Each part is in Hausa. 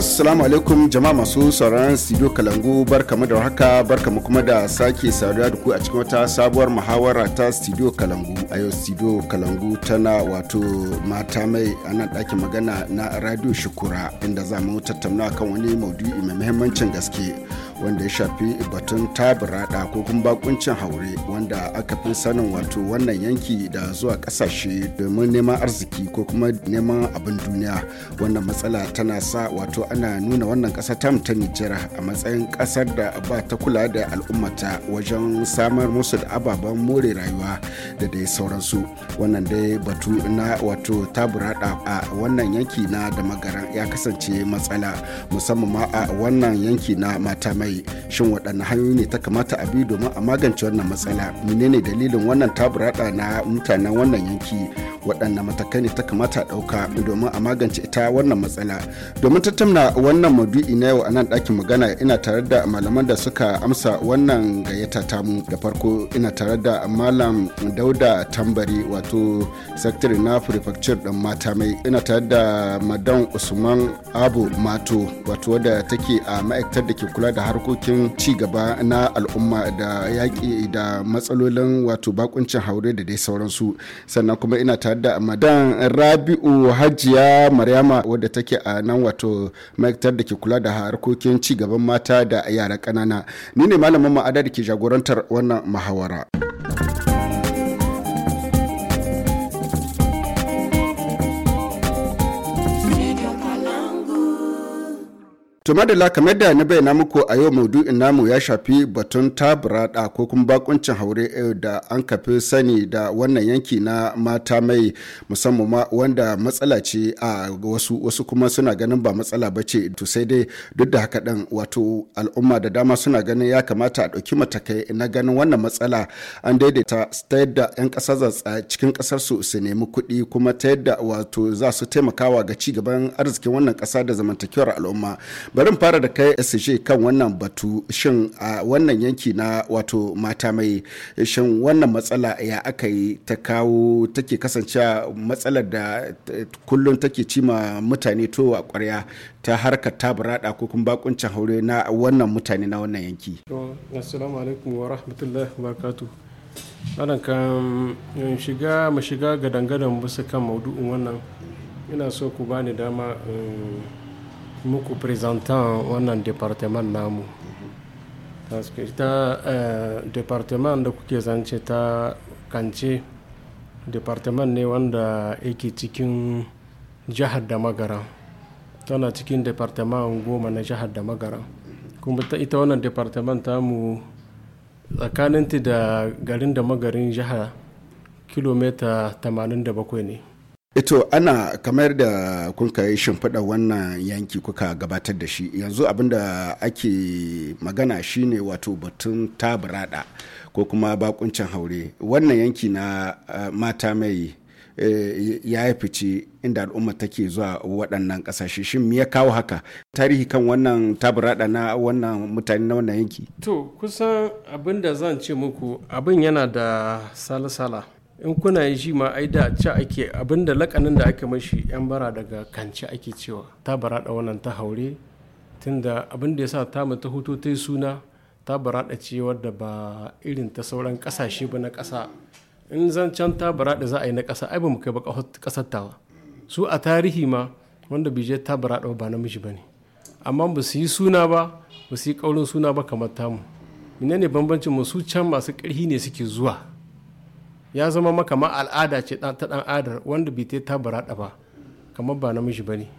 assalamu alaikum jama'a masu sauraron studio kalangu barkamu da haka barkamu kuma da sake saduwa da ku a cikin wata sabuwar muhawara ta studio kalangu a yau studio kalangu tana wato mata mai a nan ɗakin magana na radio shukura inda za mu tattauna kan wani maudu'i mai muhimmancin gaske wanda ya shafi batun tabirada ko kuma bakuncin haure wanda aka fi sanin wato wannan yanki da zuwa kasashe domin neman arziki ko kuma neman abin duniya wannan matsala tana sa wato ana nuna wannan kasa tam ta Nijera a matsayin ƙasar da ba ta kula da al'ummata wajen samar musu da ababen more rayuwa da dai sauransu. Wannan dai batu na wato taburada a wannan yanki na da magaran ya kasance matsala musamman ma a wannan yanki na mata mai shin waɗanne hanyoyi ne ta kamata a bi domin a magance wannan matsala menene dalilin wannan taburada na mutanen wannan yanki waɗanne matakai ne ta kamata a ɗauka domin a magance ita wannan matsala domin tattauna tattauna wannan maudu'i na yau a nan ɗakin magana ina tare da malaman da suka amsa wannan gayyata mu da farko ina tare da malam dauda tambari wato sektiri na prefecture ɗin mata mai ina tare da madan usman abu mato wato wadda take a ma'aikatar da ke kula da harkokin ci gaba na al'umma da yaƙi da matsalolin wato bakuncin haure da dai sauransu sannan kuma ina tare da madan rabi'u hajiya maryama wadda take a nan wato ma'aikatar da ke kula da harkokin ci gaban mata da yara ƙanana ni ne malamin ma'ada da ke jagorantar wannan muhawara. To madalla kamar da na bayyana muku a yau maudu'in namu ya shafi batun da ko kuma bakuncin haure eh, da an kafi sani da wannan yanki na mata mai musamman ma wanda matsala ce a wasu wasu kuma suna ganin ba matsala ba ce to sai dai duk da haka din wato al'umma da dama suna ganin ya kamata a ɗauki matakai na ganin wannan matsala an daidaita ta yadda 'yan ƙasar zatsa cikin ƙasar su su nemi kuɗi kuma ta yadda wato za su taimakawa ga ci gaban arzikin wannan ƙasa da zamantakewar al'umma barin fara da kai sj kan wannan batu shin a wannan yanki na wato mata mai shin wannan matsala ya aka yi ta kawo take kasancewa matsalar da kullum take cima mutane towa kwarya ta harkar tabarada ko kuma bakuncin haure na wannan mutane na wannan yanki assalamu alaikum wa rahmatullahi wa barakatuh ana kan shiga mashiga ga dangadan bisa kan maudu'in wannan ina so ku bani dama muku présentant wannan département namu paske ita eh, département da kuke zance ta kance département ne wanda yake cikin jihar da magara tana cikin département goma na jihar da magara kuma ita wannan ta tamu tsakaninta da garin da magarin jihar kilomita 87 ne Ito eh ana kamar da kunka yi shimfiɗa wannan yanki kuka gabatar da shi yanzu abinda ake magana shine wato batun taburada ko kuma bakuncin haure wannan yanki na eh, mata mai eh, ya yi fice inda al'umma take zuwa waɗannan ƙasashe shin me ya kawo haka tarihi kan wannan taburada na wannan mutane na wannan yanki to kusan abin da zan ce muku abin yana da salasala in kuna yin shi ma ai da ci ake abinda lakanin da aka mashi yan bara daga kanci ake cewa ta bara da wannan ta haure tunda abin da ya sa ta mata hutu ta suna ta bara da ce wadda ba irin ta sauran kasashe ba na kasa in zan can ta bara da za a yi na kasa ai ba mu kai ba kasar tawa su a tarihi ma wanda bije ta bara da ba namiji ba ne amma ba su yi suna ba ba su yi kaurin suna ba kamar tamu menene bambancin mu su can masu karhi ne suke zuwa ya zama maka ma al'ada ce ta dan adar wanda bai ta barada ba kamar ba namiji ba ne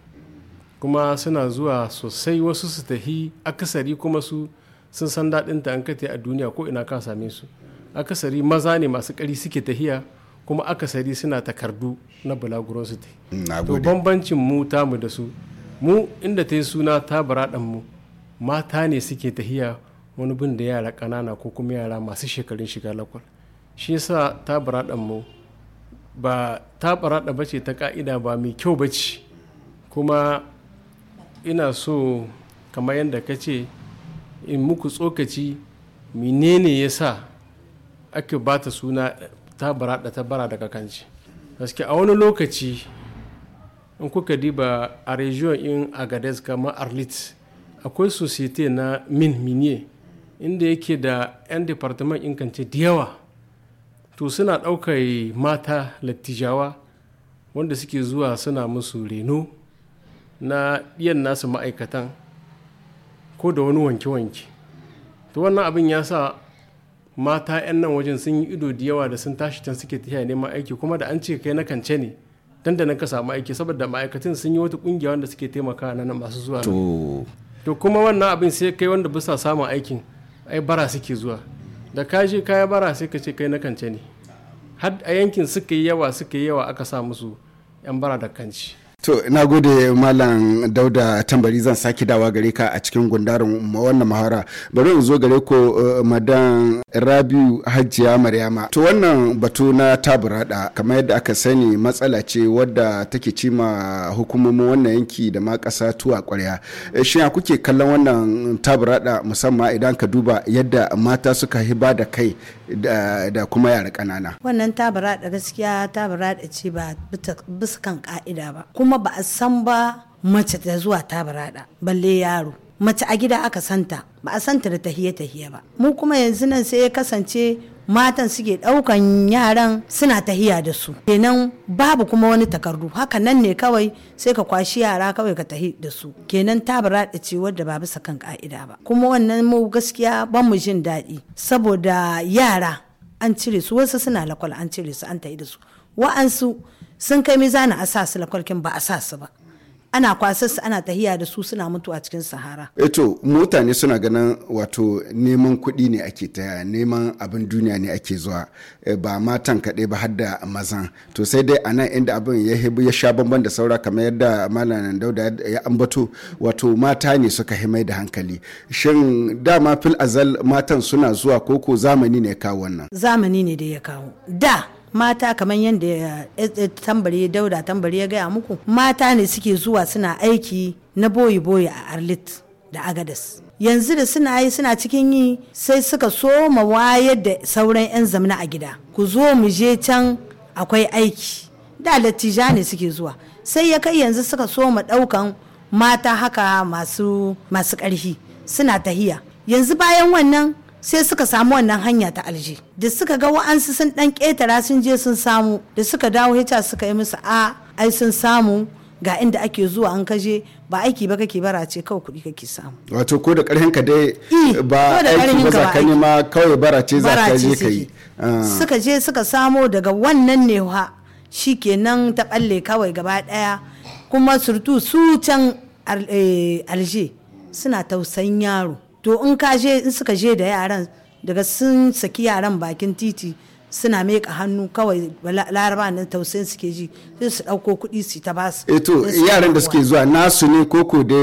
kuma suna zuwa sosai wasu su tahi akasari kuma su sun san daɗin ta an kate a duniya ko ina ka same su akasari maza ne masu ƙari suke tahiya kuma akasari suna takardu na bulaguron su to bambancin mu ta mu da su mu inda ta yi suna ta baraɗan mu mata ne suke tahiya wani bin da yara ƙanana ko kuma yara masu shekarun shiga lakwal shi yasa tabara mu ba tabaraɗa ba bace ta ƙa'ida ba mai kyau bace kuma ina so kamar yadda ka ce in muku tsokaci menene ya sa ake ba ta suna tabaraɗa ta bara daga kanci gaske a wani lokaci in kuka diba a region in agades kama arlit akwai societe na min minier inda yake da 'yan departament in kance da yawa to suna ɗaukar mata lattijawa wanda suke zuwa suna musu reno na ɗiyan nasu ma'aikatan ko da wani wanke-wanke to wannan abin ya sa mata 'yan nan wajen sun yi ido da yawa da sun tashi can suke tafiya neman aiki kuma da an ce kai na kance ne dan da ka samu aiki saboda ma'aikatan sun yi wata kungiya wanda suke taimaka nan masu zuwa to kuma wannan abin sai kai wanda bisa samun aikin ai bara suke zuwa da ka je kaya bara sai ka ce kai na kance ne har a yankin suka yi yawa suka yi yawa aka sa musu yan bara da kanci to na gode malam dauda tambari zan sake dawa gare ka a cikin gundarin wannan mahara bari in zo gare ko eh, madan rabiu hajiya maryama to wannan batu na taburada kamar yadda aka sani matsala ce wadda take cima hukumomin wannan yanki da ma kasa tuwa kwarya eh, ya kuke kallon wannan taburada musamman idan ka duba yadda mata suka hiba da kai da da kuma yara ƙanana. Wannan tabara da gaskiya tabara da ce ba bisa kan ka'ida ba. Kuma ba a san ba mace da zuwa tabara da balle yaro. Mace a gida aka santa ba a santa da tahiye tahiye ba. Mu kuma yanzu nan sai ya kasance matan suke ɗaukan yaran suna tahiya da su kenan babu kuma wani takardu haka nan ne kawai sai ka kwashi yara kawai ka tahi da su kenan ta da ce da ba bisa kan ka'ida ba kuma wannan mu gaskiya ban mu jin daɗi saboda yara an cire su wasu suna lakwal an cire su an tahi da su wa'ansu sun kai mizanin a sa su lakwalkin ba a sa su ba ana kwasa su ana tahiya da su suna mutu a cikin sahara eto eh mutane suna ganin wato neman kuɗi ne ake ta neman abin duniya ne ake zuwa eh, ba matan kaɗai ba har da mazan to sai dai anan inda abin ya hebu ya sha bamban da saura kamar yadda malamin dauda ya ambato wato mata ne suka himai da hankali shin dama fil azal matan suna zuwa koko zamani ne ya kawo wannan zamani ne da ya kawo da mata kamar yadda eh, eh, tambari dauda tambari ya gaya muku mata ne suke zuwa suna aiki na boyi boyi a arlit da agadas yanzu da suna yi suna cikin yi sai suka so ma wayar da sauran 'yan zamna a gida ku zo mu je can akwai aiki da latija ne suke zuwa sai ya kai yanzu suka so ma daukan mata haka masu masu ƙarfi suna tahiya yanzu bayan wannan sai suka samu wannan hanya ta alje da suka ga wa'ansu sun dan ketara sun je sun samu da suka dawo hita suka yi musu a ai sun samu ga inda ake zuwa an kaje ba aiki ba kake bara ce kawai kuɗi kake samu wato ko da ƙarhin ka dai ba aiki ba za ka nema kawai bara ce za ka je ka yi ah. suka je suka samo daga wannan ne shi kenan ta balle kawai gaba ɗaya kuma surtu su can alje eh, suna tausayin yaro to in ka je in suka je da yaran daga sun saki yaran bakin titi suna meka hannu kawai laraba nan tausayin suke ji sai su dauko kuɗi su ta ba su. eto eh yaran da suke zuwa nasu ne koko da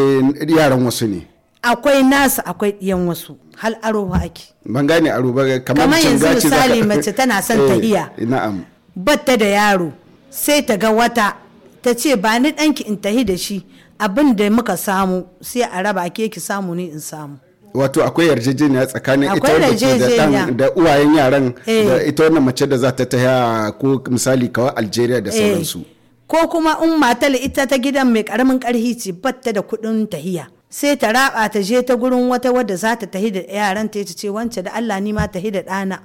yaran wasu ne. akwai nasu akwai ɗiyan wasu hal aro ake. ban gane aro ba kamar yanzu misali mace tana son tahiya. Eh, na'am. batta da yaro sai ta ga wata ta ce ba ni ɗanki in tahi da shi abin da muka samu sai a raba ke ki samu ni in samu. wato akwai yarjejeniya tsakanin ita da da uwayen yaran da eh. ita wannan mace da za ta taya ko misali kawai algeria da eh. sauransu ko kuma in matar ita ta gidan mai karamin karhi ce batta da kudin tahiya sai ta raba ta je ta gurin wata wadda za ta tahi da yaran ta ce wance da Allah ni ma tahi da dana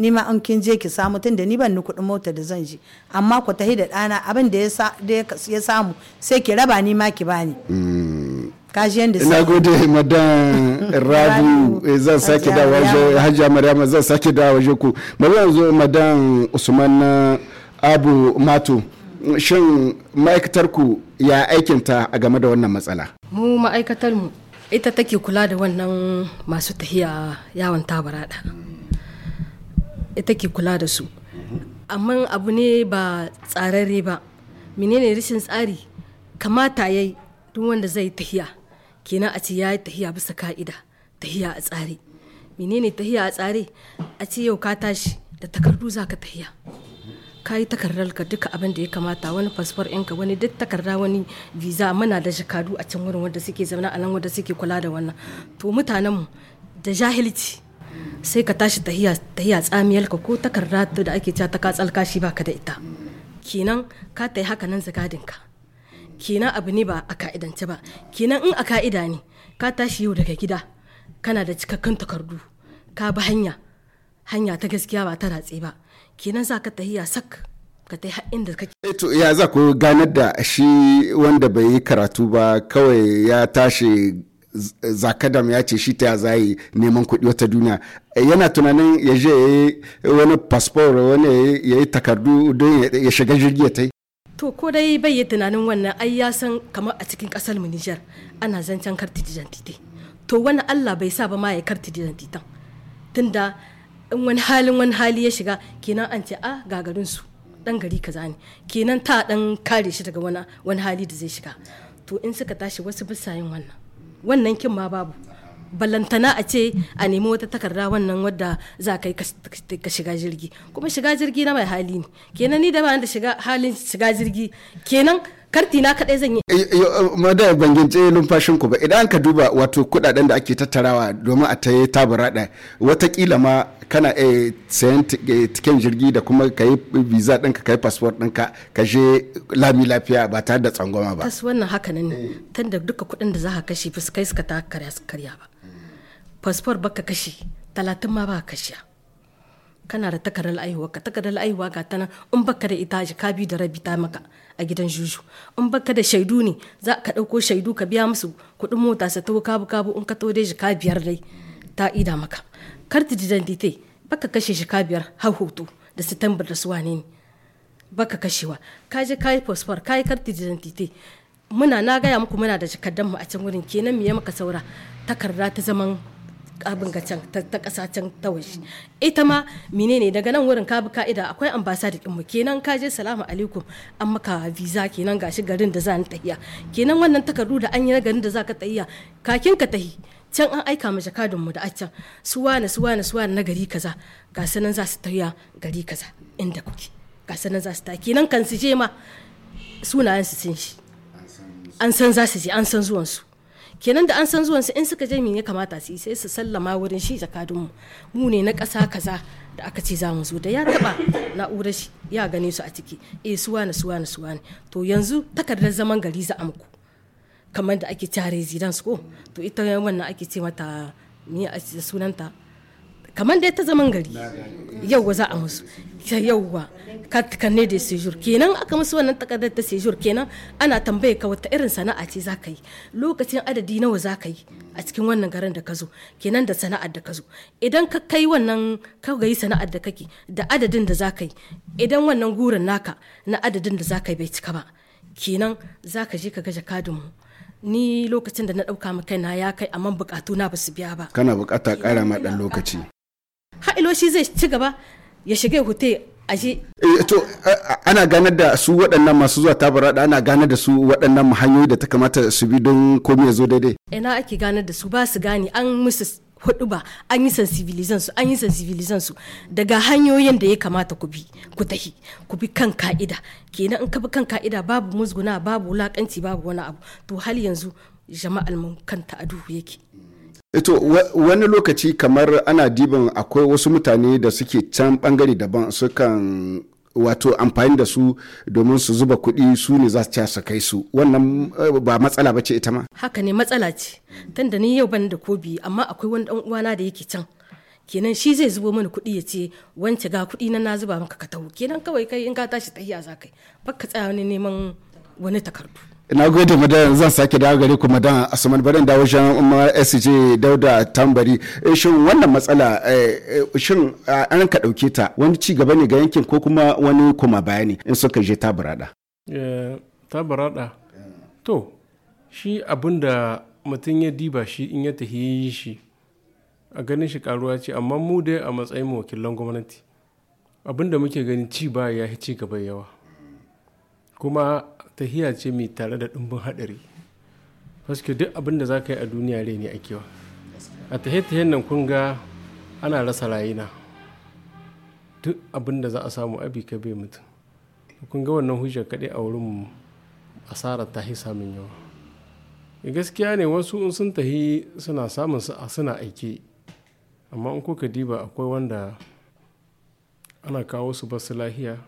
ni ma an kin je ki samu tun da ni ban ni kuɗin mota da zan je amma ku tahi da dana abin da ya samu sai ki raba ni ma ki bani hmm. kajiyan na gode madan rabu eh, zan sake da waje hajiya maryama zan sake da waje ku bari yanzu madan usman abu mato shin ma'aikatar ku ya aikinta a game da wannan matsala mu ma'aikatar mu ita take kula da wannan masu tahiya yawon tabarada ita ke kula da su amma abu ne ba tsararre ba menene rashin tsari kamata yayi duk wanda zai tahiya kenan a ce ya yi tahiya bisa ka'ida tahiya a tsare menene tahiya a tsare a ce yau ka tashi da takardu za ka tahiya ka yi takardarka duka abin da ya kamata wani fasfor ɗinka wani duk takarda wani visa mana da shekaru a can wurin wanda suke zama a nan wanda suke kula da wannan to mu da jahilci sai ka tashi tahiya tahiya tsamiyarka ko takarda da ake cewa ta ka tsalka baka da ita kenan ka tayi haka nan ka. kenan abu ne ba a ka'idance ba kenan in a ka'ida ne ka tashi yau daga gida kana da cikakkun takardu ka bi hanya hanya ta gaskiya ba ta ratse ba kenan za ka tahiya sak ka ta da kake. Eh to ya za ku ganar da shi wanda bai yi karatu ba kawai ya tashi zakadam ya ce shi ta zai neman kuɗi wata duniya eh, yana tunanin ya je ya yi wani fasfor wani ya yi takardu don ya shiga jirgi ta to ko dai bai yi tunanin wannan ai ya san kamar a cikin kasar mu Niger ana zancen karti didantite to wani Allah bai sa ba ma ya karti didantitan tunda in wani halin wani hali ya shiga kenan an ce a ah, gagarin su dan gari kaza ne kenan ta dan kare shi daga wani wani hali da zai shiga to in suka tashi wasu bisa yin wannan wannan kin ma babu balantana a ce a nemi wata takarda wannan wadda za ka yi ka shiga jirgi kuma shiga jirgi na mai hali ne kenan ni da da shiga halin shiga jirgi kenan karti na kadai zan yi eh, eh, madaya bangince eh, numfashin ku ba idan ka duba wato kudaden da ake tattarawa domin a ta yi tabarada watakila ma kana sayan tiken jirgi da kuma ka yi visa ɗinka ka yi passport ɗinka ka je lami lafiya ba tare da tsangwama ba tas wannan haka ne tun da duka kuɗin da za ka kashe fuskai suka ta karya ba fasfor baka kashe talatin ma ba kashe kana da takardar aihuwa ka takardar aihuwa ga tana in baka da ita ka bi da rabi ta maka a gidan juju in baka da shaidu ne za ka ɗauko shaidu ka biya musu kuɗin mota su tawo kabu kabu in ka to dai ka biyar dai ta ida maka karti dite baka kashe ka biyar har hoto da sitambar da su wane ne baka kashewa ka je ka yi fosfor ka yi karti didandite muna na gaya muku muna da mu a can wurin kenan me ya maka saura takarda ta zaman abin ga can ta kasa can ta waje ita ma menene daga nan wurin ka bi ka'ida akwai ambasada din mu kenan ka je salamu alaikum an maka visa kenan gashi garin da za ni tahiya kenan wannan takardu da an yi na garin da za ka tahiya kakin ka tahi can an aika ma jakadun mu da accan suwa na suwa na suwa na gari kaza ga sanan za su tahiya gari kaza inda kuke ga sanan za su ta kenan kan su je ma sunayen su sun shi an san za su je an san zuwansu kenan da an san zuwan su in suka je me ya kamata su sai su sallama wurin shi jakadun mu mu ne na ƙasa kaza da aka ce za mu zo da ya taba na'urar shi ya gane su a ciki eh suwa na suwa na suwa ne to yanzu takardar zaman gari za a kamar da ake tare zidan su ko to ita wannan ake ce mata ni a sunanta kamar dai ta zaman gari yauwa za a musu yauwa ne da sejur kenan aka musu wannan takardar ta sejur kenan ana tambaye ka wata irin sana'a ce za ka yi lokacin adadi nawa za ka yi a cikin wannan garin da ka zo kenan da sana'ar da ka zo idan ka kai wannan ka yi sana'ar da kake da adadin da za ka yi idan wannan gurin naka na adadin da za ka yi bai cika ba kenan za ka je ka ga mu ni lokacin da na ɗauka ma kaina ya kai amma bukatu na su biya ba kana bukata ƙara ma ɗan lokaci hailoshi zai ci gaba ya shiga hute ashe eh, to ana ganar da su waɗannan masu zuwa tabara da ana ganar da su waɗannan hanyoyi da ta kamata su bi don komai ya zo daidai ina ake ganar da su ba su gane an musu hudu ba an yi sensibilizan su an yi sensibilizan su daga hanyoyin da ya kamata ku bi ku tahi ku bi kan ka'ida kenan in ka bi kan ka'ida babu musguna babu wulakanci babu wani abu to hal yanzu jama'al mun kanta a duhu yake Ito wani lokaci kamar ana diban akwai wasu mutane da suke can bangare daban sukan wato amfani da su domin su zuba kuɗi su ne za su su kai su wannan eh, ba matsala ba ce ita ma haka ne matsala ce tunda ni yau ban da kobi amma akwai wani dan uwana da yake can kenan shi zai zubo mana kuɗi ya ce wance ga kuɗi na na zuba maka ka taho kenan kawai kai in ka tashi tahiya za kai baka tsaya wani neman wani takardu na gode madan zan sake dawo gare ku madan asuman barin da wajen sj dauda tambari eh, shin wannan matsala eh, eh, shin an ka dauke ta wani ci gaba ne ga yankin ko kuma wani kuma bayani in suka je tabarada tabarada to shi abin da mutum ya diba shi in ya tafi shi a ganin shi karuwa ce amma mu dai a matsayin wakilan gwamnati abin da muke gani ci ba ya ci gaba yawa kuma tahiya ce mai tare da ɗumbin haɗari paske duk abin da za ka yi a duniya rai ne a kewa. a tahe-tahen nan kun ga ana rasa rayina duk abin da za a samu abi ka bai mutum kun ga wannan hujjar kaɗai a wurin asara ta hi samun yawa e gaskiya ne wasu in sun tahi suna samun su a suna aiki amma in kuka diba akwai wanda ana kawo su ba su lahiya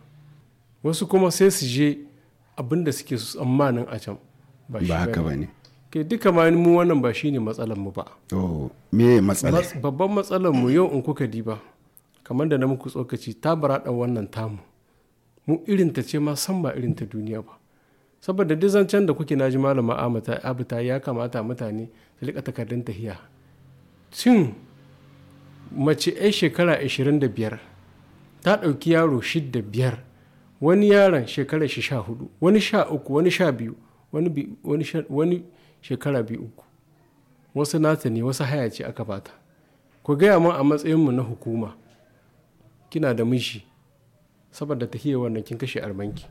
wasu kuma sai su je abin da suke su tsammanin a can ba haka ba ne ke duka ma mu wannan ba shine matsalar mu ba me matsala babban matsalar mu yau in kuka diba kamar da na muku tsokaci ta baraɗa wannan tamu mu irin ta ce ma san ba irin ta duniya ba saboda duk zancen da kuke naji malama amata abuta ya kamata mutane su rika takardun tahiya cin mace 'yan shekara 25 ta ɗauki yaro shidda biyar wani yaron shekarar shi sha hudu wani sha uku wani sha biyu wani shekara biyu uku wasu nata ne wasu haya ce aka bata ku gaya mun a matsayinmu na hukuma kina da mishi saboda ta hiyar wannan kin kashe armanki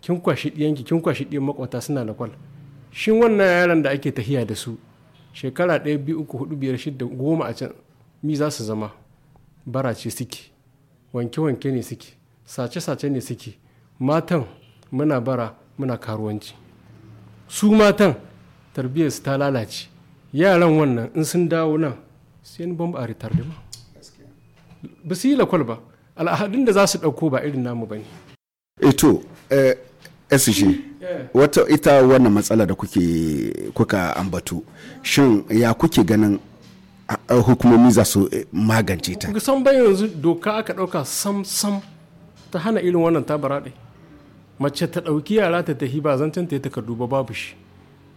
kin kwashi ɗiyanki kin kwashi ɗiyan makwata suna da kwal shin wannan yaran da ake tahiya da su shekara ɗaya biyu uku hudu biyar shidda goma a can mi za su zama bara ce suke wanke-wanke ne suke sace-sace ne suke matan muna bara muna karuwanci su matan tarbiyyarsu ta lalace yaran wannan in sun dawo nan sai ni bamba ba a ritar da ma ba su yi lakwal ba al'adun da za su ɗauko ba irin namu ba ne. eto eh eh, sg eh. wata ita wannan matsala da kuke kuka ambatu shin ya kuke ganin hukumomi za su magance ta. san bayan yanzu doka aka ɗauka sam sam ta hana irin wannan tabaraɗe mace ta ɗauki yara ta tafi ba zancen ta yi takardu ba babu shi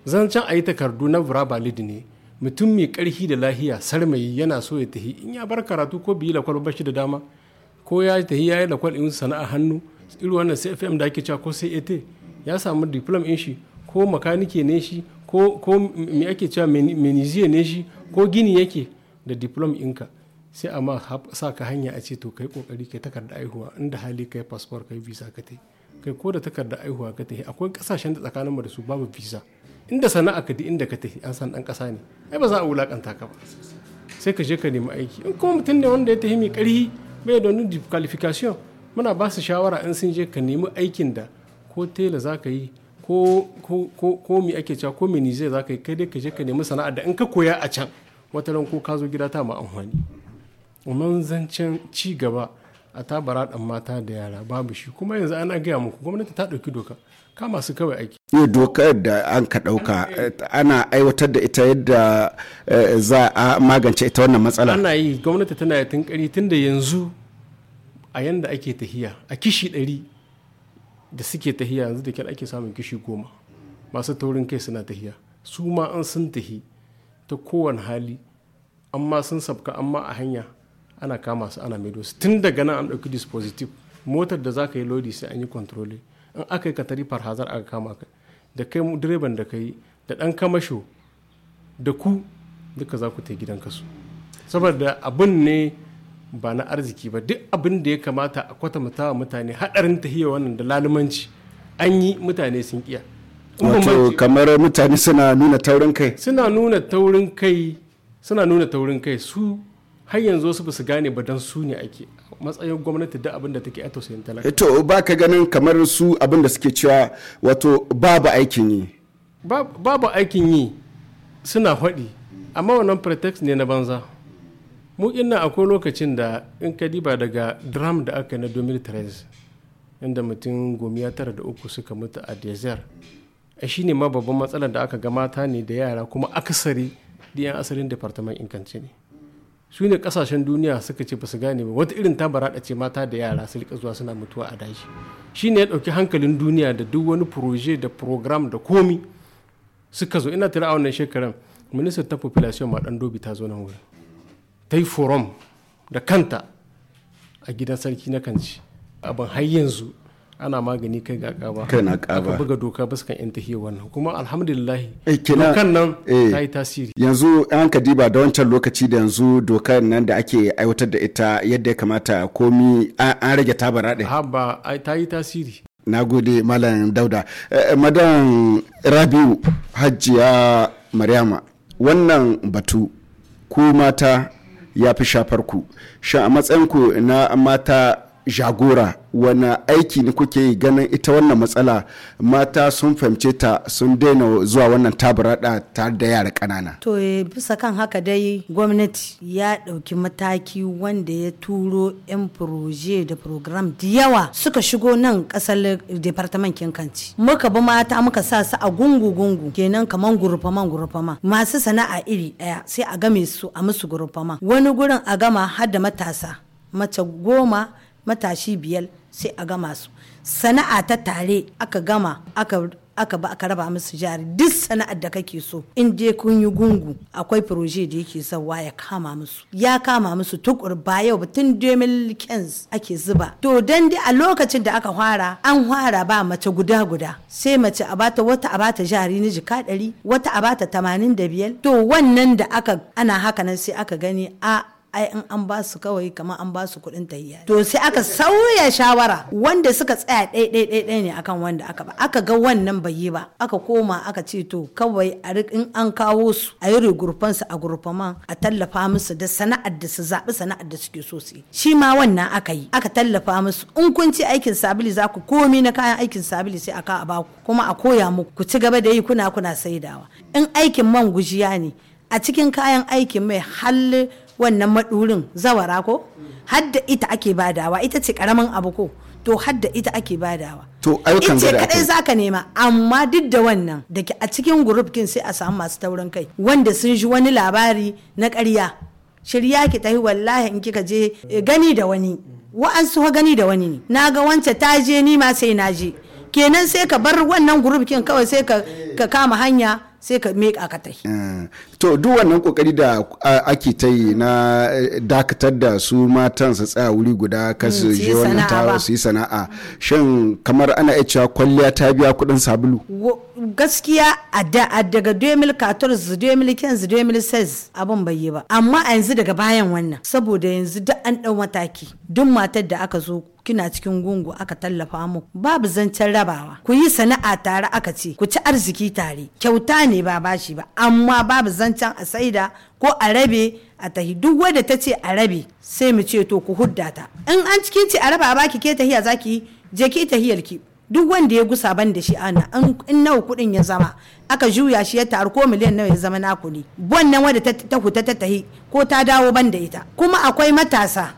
zancen a yi takardu na valid ne mutum mai ƙarfi da lahiya sarmai yana so ya tafi in ya bar karatu ko biyu lakwal ba shi da dama ko ya tafi ya yi lakwal in sana'a hannu irin wannan cfm da ake cewa ko at ya samu diplom in shi ko makanike ne shi ko me ake cewa menizie ne shi ko gini yake da diplom inka sai a ma sa ka hanya a ce to kai kokari kai takarda aihuwa inda hali kai passport kai visa ka te kai ko da takarda aihuwa ka te akwai kasashen da tsakaninmu da su babu visa inda sana'a ka di inda ka te an san dan kasa ne ai ba za a wulakanta ka ba sai ka je ka nemi aiki in kuma mutum ne wanda ya tafi mai karhi bai da wani qualification muna ba su shawara in sun je ka nemi aikin da ko tela za ka yi ko ko mi ake cewa ko mini zai za ka yi kai dai ka je ka nemi sana'a da in ka koya a can wataran ko ka zo gida ta ma amfani amma zancen ci gaba a tabara ɗan mata da yara babu shi kuma yanzu ana gaya muku gwamnati ta ɗauki doka kama su kawai aiki. Iya dokar da an ka ɗauka eh, ana aiwatar da ita yadda eh, za a magance ita wannan matsala. Ana yi gwamnati tana yi tunkari tun da yanzu a yanda ake tahiya a kishi ɗari da suke tahiya yanzu da kyan ake samun kishi goma masu taurin kai suna tahiya su ma an sun tahi ta kowane hali amma sun sabka amma a hanya ana kama su ana maido su tun daga nan an ɗauki dispositif motar da za ka yi lodi sai an yi kontrole in aka yi katari hazar aka kama ka da kai direban da ka yi da ɗan kamasho da ku duka za ku ta gidan kasu saboda abin ne ba na arziki ba duk abin da ya kamata a kwatanta wa mutane haɗarin tahiyar wannan da lalumanci an yi mutane sun kiya wato kamar mutane suna nuna taurin kai suna nuna taurin kai suna nuna taurin kai su har yanzu wasu basu gane ba dan su ne ake matsayin gwamnati da abin take a tausayin talaka to ba ka ganin kamar su abin suke cewa wato babu aikin yi babu aikin yi suna faɗi amma wannan pretext ne na banza mu ina akwai lokacin da in ka diba daga dram da aka na 2013 inda mutum gomiya tara da uku suka mutu a desert a shi ne ma babban matsalar da aka ga mata ne da yara kuma akasari yan asalin departament inkanci ne su ne kasashen duniya suka ce ba su gane ba wata irin ta ce mata da yara su rika zuwa suna mutuwa a daji shi ne ya ɗauki hankalin duniya da duk wani proje da program da komi suka zo ina tara a wannan shekaran ministan ta population ma ɗan dobi ta zo nan wurin ta yi forum da kanta a gidan sarki na kanci abin har yanzu ana magani kai ga kaba kai na kaba aka buga doka ba kan yanta wannan kuma alhamdulillah eh, dokan nan eh. ta yi tasiri yanzu an ka diba da wancan lokaci da yanzu dokar nan da ake aiwatar da ita yadda ya kamata komi an rage tabara ɗin haba ta yi tasiri na gode malam dauda eh, madan rabiu hajjiya maryama wannan batu ku mata ya fi shafar ku shi a matsayin ku na mata jagora wani aiki ne kuke yi ganin ita wannan matsala mata sun fahimce ta sun daina zuwa wannan tabarada tare da yara ƙanana. to eh, bisa kan haka dai gwamnati ya ɗauki mataki wanda ya turo 'yan proje da program da yawa suka shigo nan kasar departamentin kinkanci. muka bi mata muka sa su a gungu-gungu kenan kaman gurfaman gurfaman masu sana'a iri ɗaya sai a game su a musu gurfaman wani gurin a gama har da matasa mace goma matashi biyar sai a gama su sana'a ta tare aka gama aka aka ba aka raba musu jari duk sana'ar da kake so in je kun yi gungu akwai proje da yake sauwa ya kama musu ya kama musu tukur ba yau ba tun kens ake zuba to dan dai a lokacin da aka fara an fara ba mace guda guda sai mace a bata wata a bata jari na jika dari wata a bata biyar to wannan da aka ana hakanan sai aka gani a ai in an ba su kawai kamar an ba su kuɗin tahiya to sai aka sauya shawara wanda suka tsaya ɗai ɗai ne akan wanda aka ba aka ga wannan bai yi ba aka koma aka ce to kawai a in an kawo su a yi rigurfan su a gurfaman a tallafa musu da sana'ar da su zaɓi sana'ar da suke so su yi shi ma wannan aka yi aka tallafa musu in kun ci aikin sabili za ku komi na kayan aikin sabili sai a ka a baku kuma a koya muku ku ci gaba da yi kuna kuna saidawa in aikin man gujiya ne a cikin kayan aikin mai halli wannan maɗurin zawara ko hadda ita ake badawa ita ce karamin abu ko to hadda ita ake badawa to ayyukan gari kadai zaka nema amma duk da wannan da a cikin group kin sai a samu masu taurin kai wanda sun ji wani labari na ƙarya shirya ki tahi wallahi in kika je eh, gani da wani wa'ansu gani da wani ne na ga wance ta je ni ma sai na je kenan sai ka bar wannan group kin kawai sai ka kama hanya sai ka meka ka tai eh, to duk wannan kokari da ake ta yi na eh, dakatar da su matan su tsaya wuri guda su mm, je wannan su yi sana'a shin kamar ana iya cewa kwalliya ta biya kuɗin sabulu gaskiya a daga 2014 2015 2016 abin bai yi ba amma a yanzu daga bayan wannan saboda yanzu duk an ɗau mataki duk matar da aka zo kina cikin gungu aka tallafa mu babu zancen rabawa ku yi sana'a tare aka ce ku ci arziki tare kyauta ne ba bashi ba amma babu zancen a saida ko a rabe a tahi duk wadda ta ce a rabe sai mu ce to ku hudda ta in an cikin ci a raba baki ke tahiya zaki je ki tahiyar ki duk wanda ya gusa ban da shi ana in nawa kuɗin ya zama aka juya shi ya taru ko miliyan nawa ya zama naku ne wannan wadda ta huta ta tahi ko ta dawo ban da ita kuma akwai matasa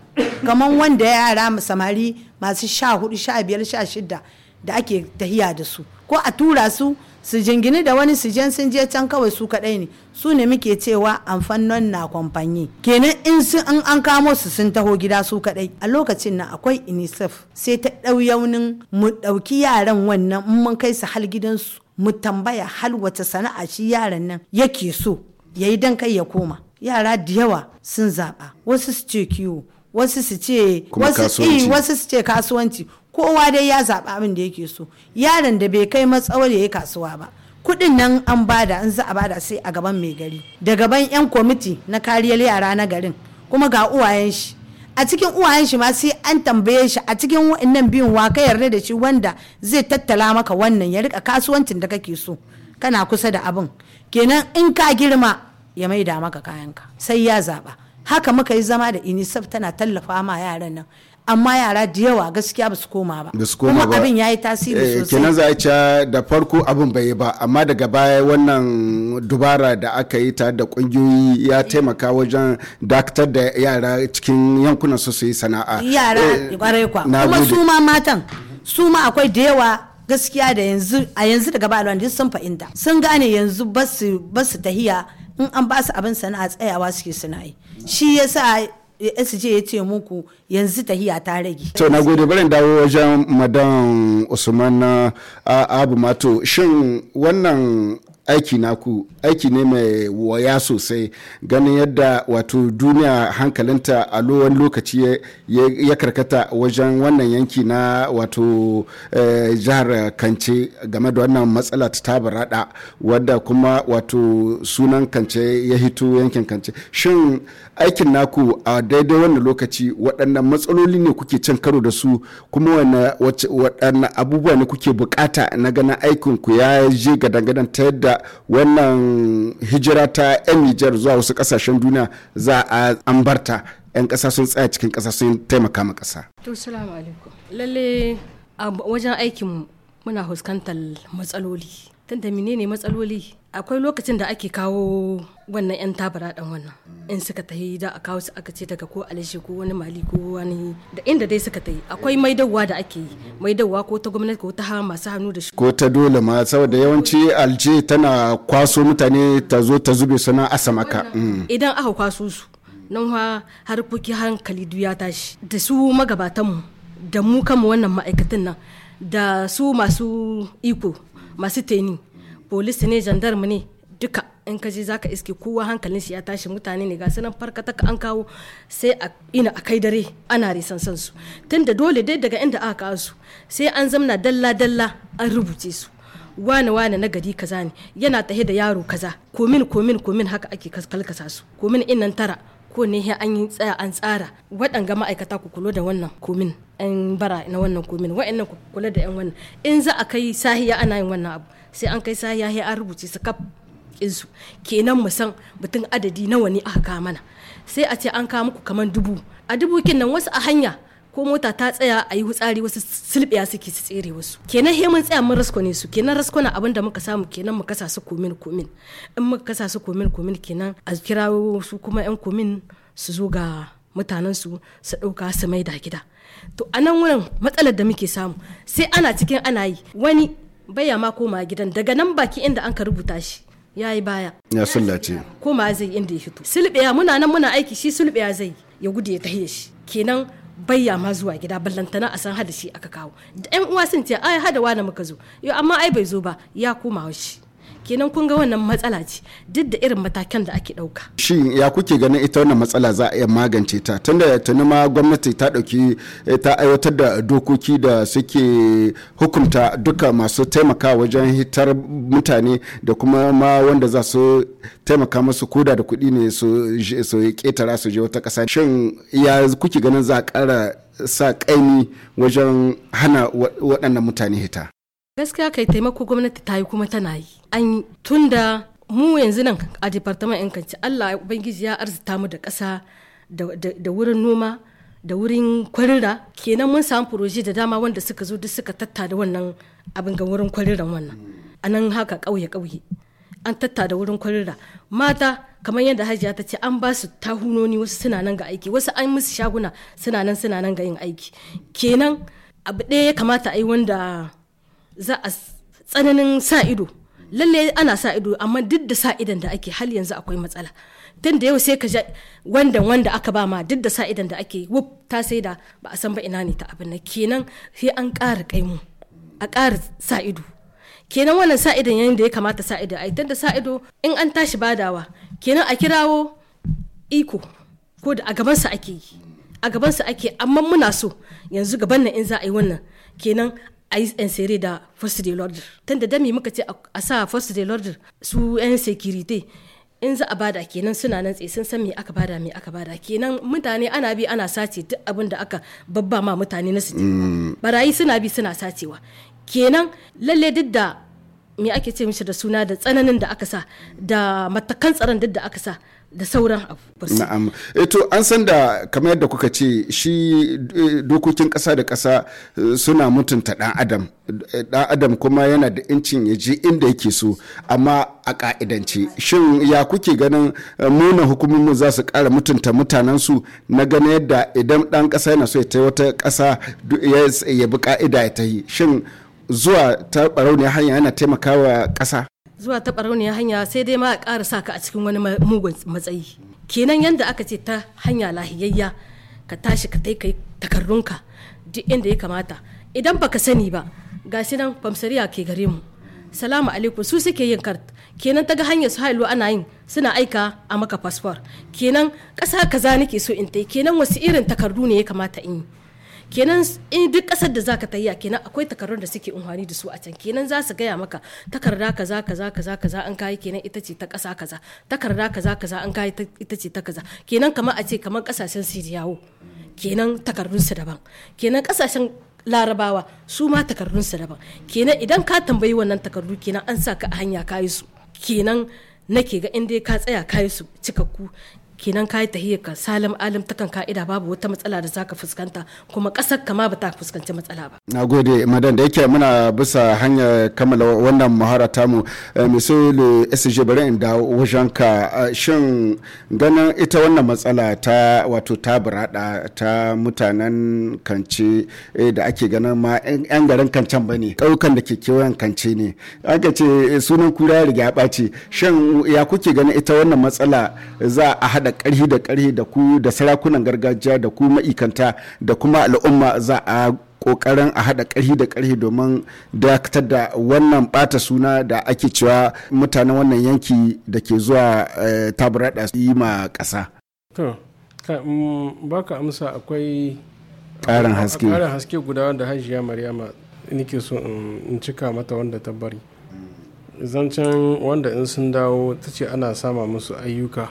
kamar wanda yara samari masu sha hudu sha biyar sha shida da ake tahiya da su ko a tura su su jingini da wani su jen sun je can kawai su kaɗai ne su ne muke cewa amfannon na kwamfanyi kenan in sun an an kamo su sun taho gida su kaɗai a lokacin nan akwai inisaf sai ta ɗau yaunin mu ɗauki yaran wannan in mun kai su hal gidansu mu tambaya hal wace sana'a shi yaran nan yake so ya yi kai ya koma yara da yawa sun zaɓa wasu su ce kiwo wasu su ce eh, kasuwanci kowa dai ya zaɓa abin da yake so yaron da bai kai matsawar ya yi kasuwa ba kuɗin nan an bada in za a bada sai a gaban mai gari da gaban 'yan kwamiti na kariyar yara na garin kuma ga uwayen shi a cikin uwayen shi ma sai an tambaye shi a cikin wa'annan biyun wa ka yarda da shi wanda zai tattala maka wannan ya rika kasuwancin da kake so kana kusa da abin kenan in ka girma ya maida maka kayanka sai ya zaba haka muka yi zama da inisaf tana tallafa ma yaran nan amma yara da yawa gaskiya ba su koma ba kuma abin ya yi tasiri eh, sosai kenan za a ce da farko abin bai yi ba amma daga baya wannan dubara da aka yi tare da kungiyoyi ya taimaka wajen dakatar da yara cikin yankunan su su yi sana'a yara kwarai eh, kwa kuma su ma matan su ma akwai da yawa gaskiya da yanzu a yanzu daga ba alwandin sun fahimta sun gane yanzu ba su tahiya in an ba su abin sana'a tsayawa suke yi shi yasa sj ya ce muku yanzu tahiya ta rage to na gode barin dawo wajen madan usman na abu mato shin wannan aiki naku aiki ne mai waya sosai ganin yadda wato duniya hankalinta a lowan lokaci ya karkata wajen wannan yanki na wato eh, jihar kance game da wannan matsala ta tabarada wadda kuma wato sunan kance ya hito yankin kance shin aikin naku a daidai wannan lokaci waɗannan matsaloli ne kuke can karo da su kuma waɗannan abubuwa ne kuke bukata na ganin aikin ku ya je ga gadan ta yadda wannan hijira ta 'yan Nijar zuwa wasu kasashen duniya za a ambarta 'yan ƙasa sun tsaya cikin ƙasa sun taimaka ma ƙasa. To wajen aikin muna fuskantar matsaloli. Tunda menene matsaloli? akwai lokacin da ake kawo wannan 'yan tabara dan wannan in suka tahi da a kawo su aka ce daga ko alishi ko wani mali ko wani da inda dai suka ta yi akwai maidawa da ake yi maidawa ko ta gwamnati ko ta hawa masu hannu da shi ko ta dole ma saboda yawanci alje tana kwaso mutane ta zo ta zube suna asamaka idan aka kwaso su nan ha harkoki hankali ya tashi da su magabatanmu da mu kama wannan ma'aikatan nan da su masu iko masu teni polisi ne mu ne duka in ka je za ka iske kowa hankalin shi ya tashi mutane ne ga sanan farkata ka an kawo sai a ina a kai dare ana risan san su tunda dole dai daga inda aka kawo su sai an zamna dalla dalla an rubuce su wane wane na gari kaza ne yana tahe da yaro kaza komin komin komin haka ake kalkasa su komin innan tara ko ne an yi tsaya an tsara waɗanga ma'aikata ku kula da wannan komin yan bara na wannan komin wa'annan ku kula da yan wannan in za a kai sahiya ana yin wannan abu sai an kai sa ya an rubuce su kaf insu kenan mu san mutum adadi nawa ne aka kama mana sai a ce an kawo muku kaman dubu a dubu kin nan wasu a hanya ko mota ta tsaya a yi hutsari wasu silbiya suke su tsere wasu kenan he mun tsaya mun rasko ne su kenan rasko na abin da muka samu kenan mu kasa su komin komin in muka kasa su komin komin kenan a kirawo su kuma yan komin su zo ga mutanen su su ɗauka su maida gida to a nan wurin matsalar da muke samu sai ana cikin ana yi wani baya ma koma gidan daga nan baki inda an ka rubuta shi ya yi baya ya sallace koma zai inda ya fito sulbiya muna nan muna aiki shi sulbiya zai ya gudu ya tahiye shi kenan bayyama ma zuwa gida ballantana a san hada shi aka kawo da yan uwa sun ce ai hadawa wani muka zo yo amma ai bai zo ba ya koma shi kenan kun ga wannan matsala ce duk da irin matakan da ake ɗauka. shi ya kuke ganin ita wannan matsala za a iya magance ta tunda tuni ma gwamnati ta ɗauki eh, ta aiwatar da dokoki da suke hukunta duka masu taimaka wajen hitar mutane da kuma ma wanda za su taimaka musu koda da kuɗi ne su ketara su je wata ƙasa shin ya kuke ganin za a ƙara sa ƙaimi wajen hana waɗannan mutane hita gaskiya kai taimako gwamnati ta yi kuma tana yi an tunda mu yanzu nan a departament ɗin kanci Allah ubangiji ya arzita mu da ƙasa da wurin noma da wurin kwarira kenan mun samu furoji da dama wanda suka zo duk suka da wannan abin ga wurin kwariran wannan a nan haka kauye kauye an da wurin kwarira mata kamar yadda hajiya ta ce an ba su tahunoni wasu suna nan ga aiki wasu an musu shaguna suna nan suna nan ga yin aiki kenan abu ɗaya ya kamata a yi wanda za a tsananin sa ido lalle ana sa ido amma duk da sa idan da ake hal yanzu akwai matsala tun da yau sai ka wanda wanda aka ba ma duk da sa idan da ake wuf ta sai da ba a san ba ina ne ta abin nan kenan sai an ƙara kaimu a ƙara sa ido kenan wannan sa idan yayin da ya kamata sa ido ai tun da sa ido in an tashi badawa kenan a kirawo iko ko da a gabansa ake yi a gabansa ake amma muna so yanzu gaban nan in za a yi wannan kenan a yi sere da force de l'ordre tunda dami muka ce a sa first de l'ordre su yan security in za a bada kenan suna nan tsaye sun san me aka bada me aka bada kenan mutane ana bi ana sace duk abin da aka babba ma mutane na su mm. barayi suna bi suna sacewa kenan lalle duk da me ake ce mishi da suna da tsananin da aka sa da matakan tsaron duk da aka sa da sauran abu. Na'am. Eto eh, an san da kamar yadda kuka ce shi eh, dokokin ƙasa da kasa eh, suna mutunta ɗan adam. Ɗan adam kuma yana da incin ya je inda yake so amma a ka'idance Shin ya kuke ganin nuna hukumomi za su ƙara mutunta su na ganin yadda idan ɗan ƙasa yana so ya ta wata ƙasa ya bi ƙa'ida ya ta yi. Shin zuwa ta ne hanya yana taimakawa ƙasa? zuwa ta barauniyar hanya sai dai ma a ƙara sa ka a cikin wani mugun matsayi kenan yadda aka ce ta hanya lahiyayya ka tashi ka kai takardunka duk inda ya kamata idan baka sani ba ga shi nan famsariya ke gare mu salamu alaikum su suke yin kart kenan ta ga hanyar su hailu ana yin suna aika a maka fasfor kenan ƙasa kaza nake so in tai kenan wasu irin takardu ne ya kamata in yi kenan in duk kasar da zaka tayya kenan akwai takardun da suke unhani da su a can kenan za su gaya maka takarda kaza kaza kaza kaza an kai kenan ita ce ta kasa kaza takarda kaza kaza an kai ita ce ta kaza kenan kamar a ce kamar kasashen siriyawo kenan su daban kenan kasashen larabawa su ma su daban kenan idan ka tambayi wannan takardu kenan an sa ka a hanya kayi su kenan nake ga inda ka tsaya kayi su cikakku kenan ka tahiyar ka salam alim ta kan ka'ida babu wata matsala da zaka fuskanta kuma kasar kama ba ta fuskanci matsala ba na gode madan da yake muna bisa hanyar kammala wannan muhara tamu eh, misali sg bari in da wajen ka eh, shin ganin ita wannan matsala ta wato ta burada ta mutanen kanci eh, da ake ganin ma yan garin kancan ba ne ƙauyukan da ke kewayen kanci ne aka ce sunan kura riga ya ɓaci shin ya kuke ganin ita wannan matsala za a da ƙarhi da ƙarhi da ku da sarakunan gargajiya da ku ma'ikanta da kuma al'umma za a ƙoƙarin a haɗa ƙarhi da ƙarhi domin dakatar da wannan ɓata suna da ake cewa mutanen wannan yanki da ke zuwa eh, taburaɗa yi ma ƙasa. baka mm, amsa akwai ƙarin haske guda haske guda da hajiya maryama nike so in cika mata wanda ta bari zancen wanda in sun dawo ta ce ana sama musu ayyuka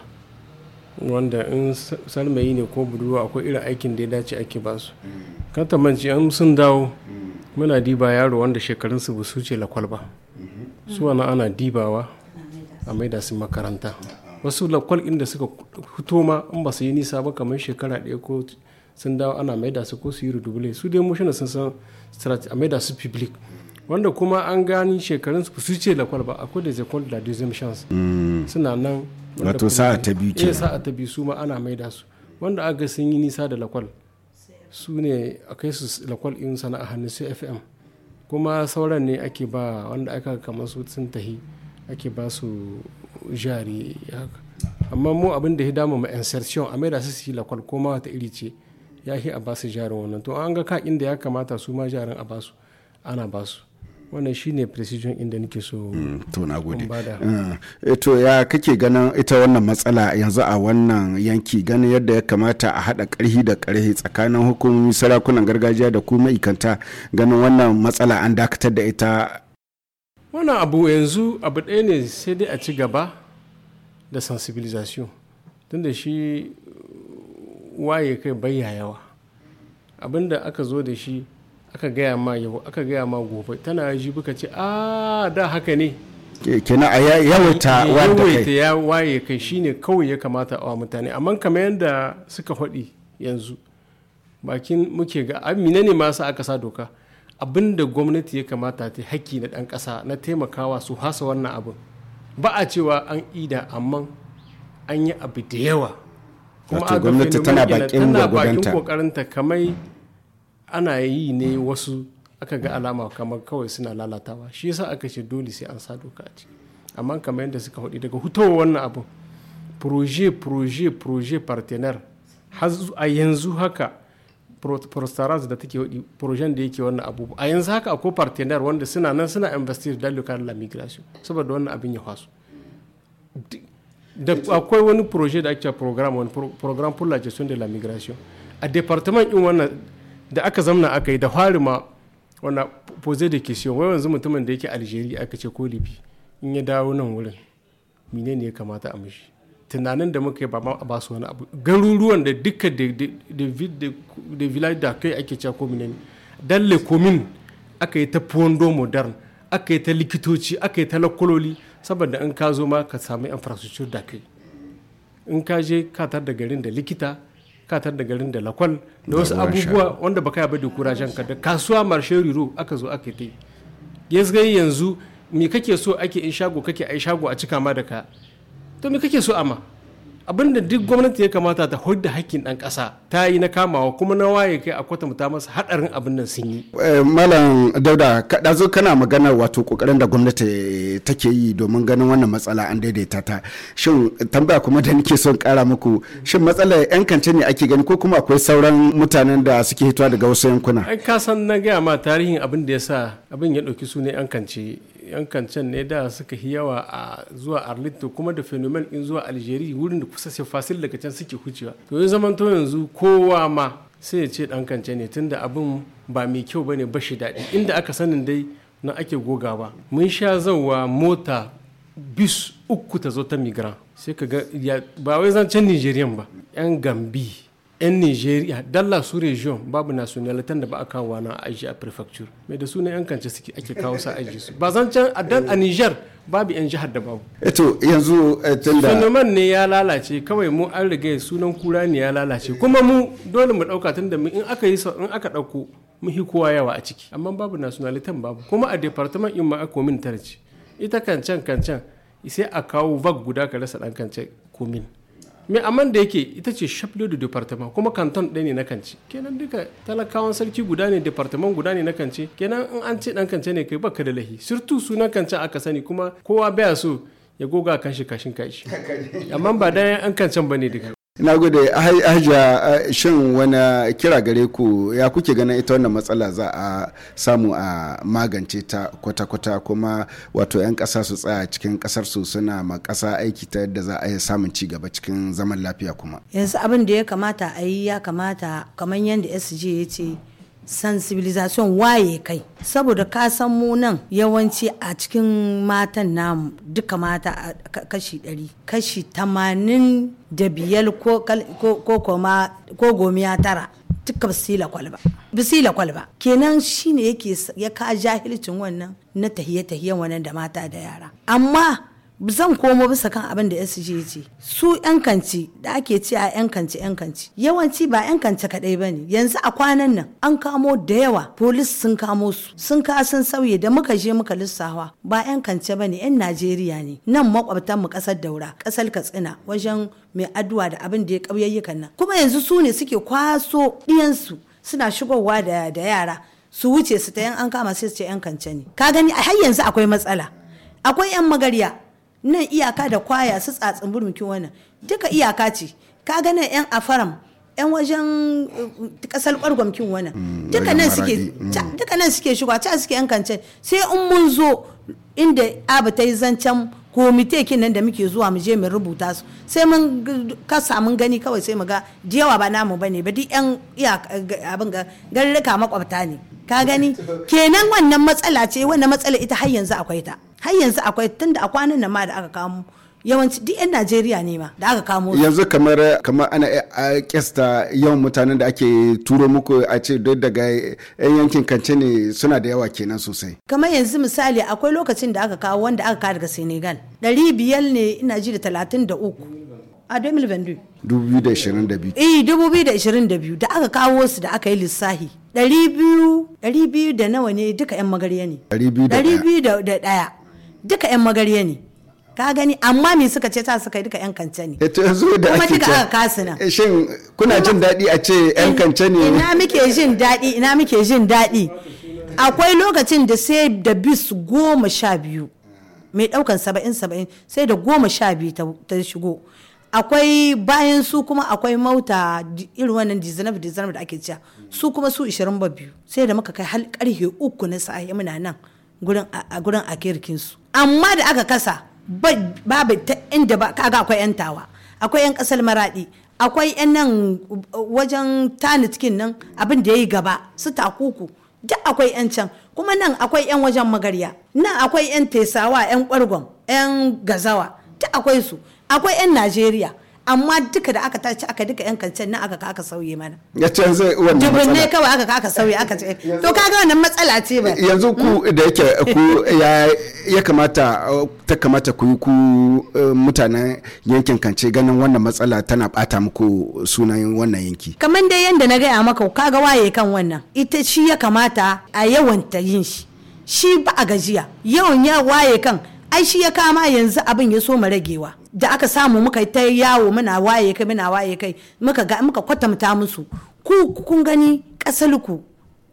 wanda in salmayi ne ko budurwa akwai irin aikin da ya dace ake ba basu mm. kan tamanci an sun dawo mm. muna diba yaro wanda shekarunsu ba su ce lakwal ba mm-hmm. su wani ana dibawa a mm. maida su makaranta mm-hmm. wasu lakwal inda suka fito ma an ba su yi nisa ba kamar shekara ɗaya ko sun dawo ana maida su ko su yi rudubule su dai mushina sun san a maida su public wanda kuma an gani shekarun su ce lakwal ba akwai da zai da deuxième chance mm. suna nan wato sa'a ta biyu eh, ke sa'a ta biyu su ma ana maida su wanda aka sun yi nisa da lakwal su ne a kai su lakwal in sana'a hannu hannun fm kuma sauran ne ake ba wanda aka kamar su sun tahi ake ba su jari amma mu abin da ya dama ma insertion a maida su su yi lakwal ma ta iri ce ya a ba su jarin wannan to an ga kakin inda ya kamata su ma jarin a ba su ana ba su wannan shine precision inda nake so mm, to na gode eh, eh, to ya kake ganin ita wannan matsala yanzu a wannan yanki ganin yadda ya kamata a haɗa karhi da karhi tsakanin hukumomi sarakunan gargajiya da kuma ikanta ganin wannan matsala an dakatar da ita wannan abu yanzu abu ɗaya ne sai dai a ci gaba da tun da shi waye kai bayya yawa abinda aka zo da shi aka gaya ma yau aka gaya ma gobe tana yaji buka ce a ah, da haka ne kina a yawaita wanda kai ya waye kai shine kawai ya kamata a mutane amma kamar yadda suka faɗi yanzu bakin muke ga amina ne masu aka sa doka abin da gwamnati ya kamata ta haƙƙi na ɗan ƙasa na taimakawa su hasa wannan abin ba a cewa an ida amma an yi abu da yawa kuma gwamnati tana bakin kokarinta kamai ana yi ne wasu aka ga alama kamar kawai suna lalatawa shi yasa aka ce dole sai an sa doka a amma kamar yadda suka hudu daga hutowar wannan abu proje proje proje partenaire a yanzu haka prostaraz da take hudu projen da yake wannan abu a yanzu haka akwai partenaire wanda suna nan suna investir da lokar la migration saboda wannan abin ya faso da akwai wani proje da ake program wani program pour la gestion de la migration a departement din wannan da aka zamna aka yi da fari ma wanda pose da question wai yanzu mutumin da yake aljeri aka ce ko libi in ya dawo nan wurin mine ne ya kamata a mishi tunanin da muka yi ba ma su wani abu garuruwan da duka da village da kai ake cewa ko mine ne dalle komin aka yi ta pondo modern aka yi ta likitoci aka yi ta lakololi saboda in ka zo ma ka samu infrastructure da kai in ka je ka tar da garin da likita ka tar da garin da lakwal da wasu abubuwa wanda baka yaba da kurajen ka da kasuwa marshe riro aka zo aka yi gai yanzu me kake so ake in shago kake ai shago a cika ma da ka to me kake so ama abinda duk gwamnati ya kamata ta hudda hakkin ɗan ƙasa ta yi na kamawa kuma na waye kai a kwatanta masa haɗarin abin nan sun yi. Eh, malam dauda zo kana magana wato kokarin da gwamnati take yi domin ganin wannan matsala an daidaita ta shin tambaya kuma da nake son ƙara muku shin matsalar yan kance ne ake gani ko kuma akwai sauran mutanen da suke hitowa daga wasu yankuna. ai ka san na gaya ma tarihin abin da ya sa abin ya ɗauki su ne yan kance yan kancan ne da suka yi yawa a zuwa arlito kuma da fenomen in zuwa aljeri wurin da kusa sai fasil daga can suke hucewa to ya zamanto yanzu kowa ma sai ya ce dan kance ne tunda abin ba mai kyau ba ne bashi daɗi inda aka sanin dai na ake goga ba. mun sha zauwa mota bis uku ta zo ta migran sai ka ga ba wai zancen nigerian ba yan gambi 'yan nigeria dalla su region babu nationalitan da ba a kawo na aji a prefecture mai da sunan 'yan kance suke ake kawo sa aji su ba zan can a niger babu 'yan jihar da babu eto eh yanzu eh, tunda fenomen ne ya lalace kawai mu an riga sunan kura ne ya lalace kuma mu dole mu dauka tunda in aka yi in aka dauko hi kowa yawa a ciki amma babu nationalitan babu kuma a department in ma a tarci ita kancan kancan sai a kawo vag guda ka rasa dan kancan komin mai amman da yake ita ce shaflo da departement kuma kanton ɗaya ne na kance kenan duka talakawan sarki guda ne departement guda ne na kance kenan in an ce ɗan kance ne kai baka da lahi surtu sunan kance aka sani kuma kowa baya so ya goga kan shi kashin kashi amma ba dan an kancan bane duka na gode hajja eh, shin wani kira gare ku ya kuke ganin ita wannan matsala za a samu a magance ta kwata-kwata kuma wato 'yan ƙasa su tsaya cikin kasarsu su suna ma aiki ta yadda za a yi samun ci gaba cikin zaman lafiya kuma yanzu abin da ya kamata a yi ya kamata kamar yadda sg ya ce sensibilisation waye kai saboda ka san mu nan yawanci a cikin matan namu duka mata kashi ɗari kashi tamanin da biyar ko gomiya tara duka basila kwalba basila kwalba kenan shine yake ya ka jahilcin wannan na tahiye tahiyen wannan da mata da yara amma zan komo bisa kan abin da SG ce su yan kanci da ake ce a yan kanci yan kanci yawanci ba yan kanci kadai bane yanzu a kwanan nan an kamo da yawa polis sun kamo su sun ka sun sauye da muka je muka lissawa ba yan kanci bane yan Najeriya ne nan makwabtan mu kasar Daura kasar Katsina wajen mai addu'a da abin da ya kauyayyukan nan kuma yanzu su ne suke kwaso diyansu suna shigowa da da yara su wuce su ta yan an kama sai su ce yan kanci ne ka gani har yanzu akwai matsala akwai yan magarya nan iyaka da kwaya su tsatsin burmukin wannan duka iyaka ce ka ga yan afaram yan wajen kasar uh, kwargwamkin wannan mm, duka nan suke shiga mm. ca suke yan kance sai in mun zo inda abu ta yi zancen komite kin nan da muke zuwa mu je mu rubuta su sai mun kasa mun gani kawai sai mu ga jiyawa ba namu bane ba duk yan abin ga garurruka makwabta ne ka gani kenan wannan matsala ce wannan matsala ita har yanzu akwai ta har yanzu akwai tunda a kwanan nan ma da aka kawo yawanci duk 'yan najeriya ne ma da aka kamo yanzu kamar kamar ana kesta yawan mutanen da ake turo muku a ce duk daga 'yan yankin kance ne suna da yawa kenan sosai kamar yanzu misali akwai lokacin da aka kawo wanda aka kawo daga senegal ɗari biyar ne ina ji da talatin da uku a 2022 eh, biyu da aka kawo su da aka yi lissahi 200 da nawa ne duka 'yan magariya ne da 201 duka 'yan magariya ne ka gani amma me suka ce ta suka yi duka yan kance ne eh, to yanzu da kuma duka aka kasina eh, shin kuna jin daɗi a ce yan eh, kance ne ina muke jin daɗi ina muke jin daɗi akwai lokacin da sai da bis goma sha biyu mai ɗaukan saba'in saba'in sai da goma sha biyu ta shigo akwai bayan su kuma akwai mauta irin wannan dizinab dizinab da ake cewa su kuma su 22 sai da muka kai har karfe uku na sa'a muna nan gurin a gurin akirkin su amma da aka kasa babu ta inda ba kaga akwai 'yan tawa akwai 'yan kasar maradi akwai 'yan nan wajen cikin nan abin da ya yi gaba su takuku duk akwai 'yan can kuma nan akwai 'yan wajen magarya nan akwai 'yan tesawa 'yan kwargon 'yan gazawa duk akwai su akwai 'yan najeriya amma duka da aka tashi aka duka yan kancan na aka aka sauye mana ya ce yanzu wannan matsala ne kawai aka aka sauye aka ce to kaga wannan matsala ce ba yanzu ku hmm? da yake ku ya ya kamata ta kamata ku yi ku eh, mutanen yankin kance ganin wannan matsala tana bata muku sunan wannan yanki kamar dai yanda na gaya maka kaga waye kan wannan ita shi ya kamata a yawanta yin shi shi ba a gajiya yawan ya waye kan ai shi ya kama yanzu abin ya so mu ragewa da aka samu muka ta yawo muna waye kai muna waye kai muka ga muka kwatanta musu ku kun gani kasaluku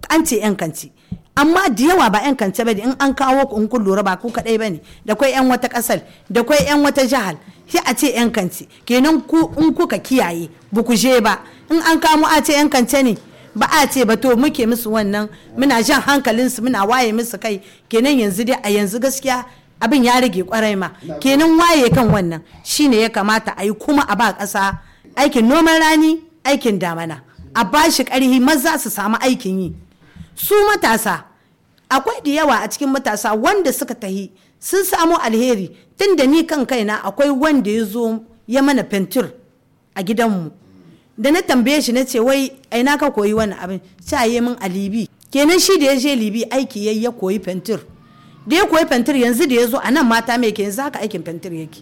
an ce yan kanci amma da yawa ba yan kanci bane in an kawo ku in kun lura ba ku kadai bane da kai yan wata kasar da kai yan wata jahal sai a ce yan kanci kenan ku in kuka kiyaye ba ku je ba in an kamo a ce yan kanci ne ba a ce ba to muke musu wannan muna jan hankalinsu muna waye musu kai kenan yanzu dai a yanzu gaskiya abin ya rage kwarai ma kenan waye kan wannan shine ya kamata a yi kuma a ba ƙasa aikin noman rani aikin damana a ba shi ƙarhi maza su samu aikin yi su matasa akwai da yawa a cikin matasa wanda suka tahi sun samu alheri tun da ni kan kaina akwai wanda ya zo ya mana fentir a gidanmu da na tambaye shi na ce wai aina ka koyi wani abin caye min a libi kenan shi da ya je libi aiki ya koyi fentir da ya koyi fentir yanzu da ya zo a nan mata mai ke yanzu haka aikin fentir yake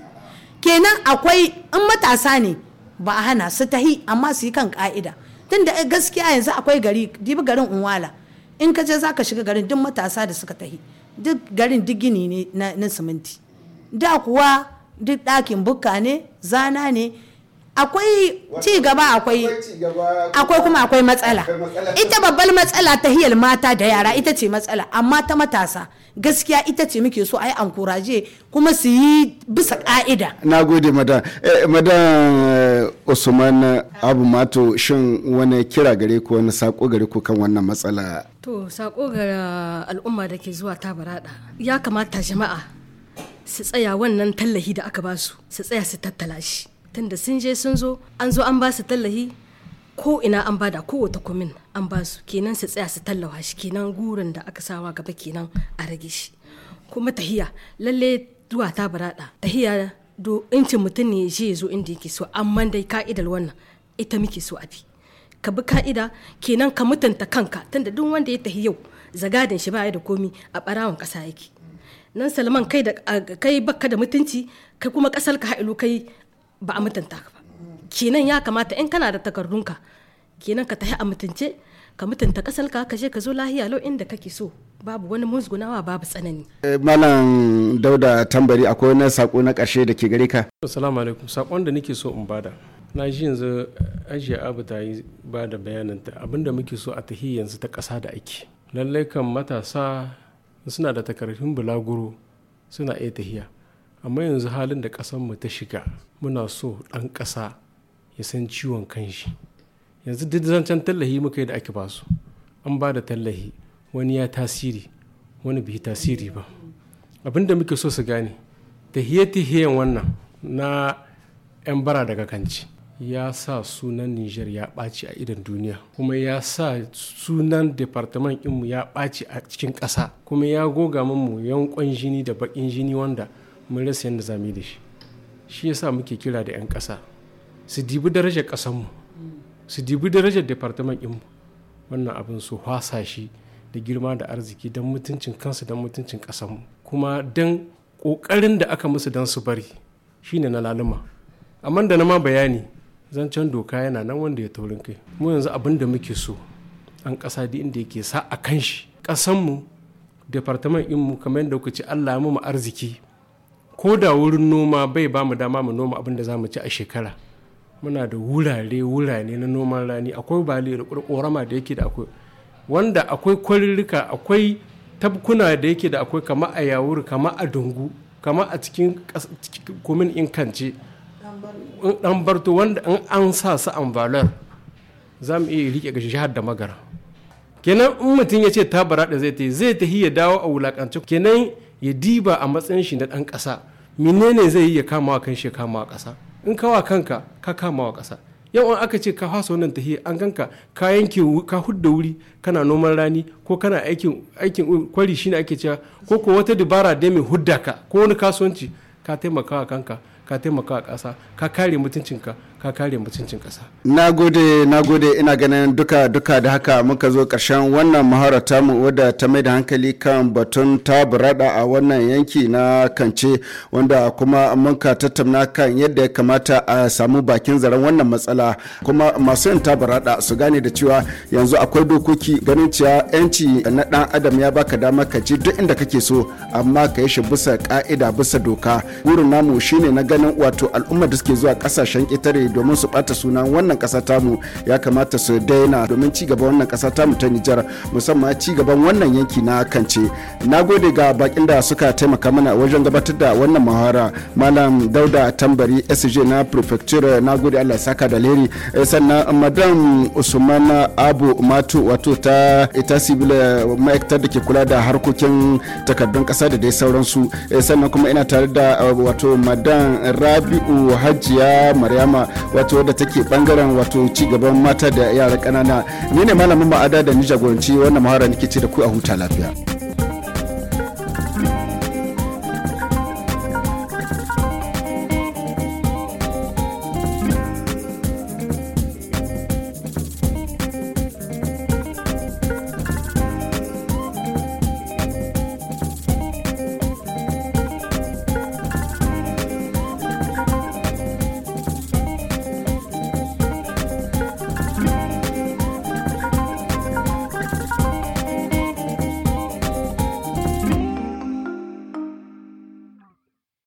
kenan akwai in matasa ne ba a hana su tahi amma su yi kan ka'ida tunda gaskiya yanzu akwai gari dibi garin unwala in ka je za ka shiga garin duk matasa da suka tahi duk garin duk gini ne na siminti da kuwa duk ɗakin bukka ne zana ne akwai ci gaba akwai akwai kuma akwai matsala ita babbar matsala ta hiyar mata da yara ita ce matsala amma ta matasa gaskiya ita ce muke so a yi ankuraje kuma su yi bisa ka'ida na gode madan eh, madan eh, usman abu mato shin wani kira gare ku wani sako gare ku kan wannan matsala to sako ga al'umma da ke zuwa barada ya kamata jama'a su tsaya wannan tallahi da aka basu su tsaya su tattala shi da sun je sun zo an zo an ba su tallahi ko ina an bada ko wata kumin an ba su kenan su tsaya su tallawa shi kenan gurin da aka sawa gaba kenan a rage shi kuma tahiya lalle zuwa ta barada tahiya do incin mutum ne je zo inda yake so amma dai ka'idar wannan ita muke so a fi ka bi ka'ida kenan ka mutunta kanka tunda duk wanda ya tahi yau zagadin shi baya da komi a barawon kasa yake nan salman kai da kai bakka da mutunci kai kuma kasar ka ha'ilu kai ba a mutunta ka ba kenan ya kamata in kana da takardunka kenan ka tahi a mutunce ka mutunta kasalka ka je ka zo lahiya lau inda kake so babu wani musgunawa babu tsanani. Eh, malam dauda tambari akwai wani sako na ƙarshe da ke gare ka. assalamu alaikum sakon da nake so in bada na ji yanzu ajiya abu ta yi ba da bayananta abinda muke so a tahi yanzu ta ƙasa da ake lallai kan matasa suna da takardun bulaguro suna iya tahiya amma yanzu halin da ƙasanmu ta shiga muna so ɗan ƙasa ya san ciwon kanshi yanzu duk zancen tallahi muka yi da ake basu an ba da tallahi wani ya tasiri wani bai tasiri ba abin da muke so su gane ta tahiyen wannan na 'yan bara daga kanci ya sa sunan niger ya ɓaci a idan duniya kuma ya sa sunan departament ɗinmu ya ɓaci a cikin ƙasa kuma ya goga mu yankon jini da baƙin jini wanda mun rasa yadda za mu yi da shi shi yasa muke kira da 'yan ƙasa su dibi darajar ƙasanmu su dibi darajar departament ɗinmu wannan abin su hwasa shi da girma da arziki don mutuncin kansu don mutuncin ƙasanmu kuma don ƙoƙarin da aka musu don su bari shi ne na laluma amma da na ma bayani zancen doka yana nan wanda ya taurin kai mu yanzu abin da muke so an ƙasa da inda yake sa a kan shi ƙasanmu departament ɗinmu kamar yadda ku ci allah mu arziki ko da wurin noma bai ba mu dama mu noma abin da za mu ci a shekara muna da wurare wurare na noman rani akwai bali da ƙorama da yake da akwai wanda akwai kwarirrika akwai tabkuna da yake da akwai kama a yawuri kama a dungu kama a cikin kumin in kance dan barto wanda an sa su ambalar za mu iya rike ga jihar da magara kenan in mutum ya ce tabara da zai ta zai ta ya dawo a wulakance kenan ya diba a matsayin shi na ɗan kasa menene zai yi ya kama wa kanshi ya kama wa ƙasa in ka wa kanka ka kama wa ƙasa yau an aka ce ka fasa wannan tahiya an ganka ka yanke ka hudda wuri kana noman rani ko kana aikin aikin kwari shine ake cewa ko ko wata dabara da mai hudda ka ko wani kasuwanci ka taimaka wa kanka ka taimaka wa ƙasa ka kare mutuncinka ka kare mutuncin ƙasa. na gode na gode ina ganin duka duka da haka muka zo ƙarshen wannan mahara mu wadda ta mai da hankali kan batun taburada a wannan yanki na kance wanda kuma muka tattauna kan yadda ya kamata a samu bakin zaren wannan matsala kuma masu yin taburada su gane da cewa yanzu akwai dokoki ganin cewa yanci na dan adam ya baka dama ka je duk inda kake so amma ka yi shi bisa ka'ida bisa doka burin namu shine na ganin wato al'ummar da suke zuwa kasashen ƙetare domin su bata suna wannan kasa tamu ya kamata su daina domin ci gaban wannan kasa tamu ta Nijar musamman ci gaban wannan yanki na Kance na gode ga bakin da suka taimaka mana wajen gabatar da wannan mahara malam Dauda Tambari sg na prefecture na Allah ya saka da leri eh, sannan madam Usman Abu Matu wato ta ita civil eh, ma'aikatar da ke kula da harkokin takardun kasa da dai sauransu eh, sannan kuma ina tare da wato madam Rabi'u Hajiya Maryama wato wadda take bangaren wato ci gaban mata da yara ƙanana ne ne malamin ma'ada da ni jagoranci wannan muhara nake ce da ku a huta lafiya.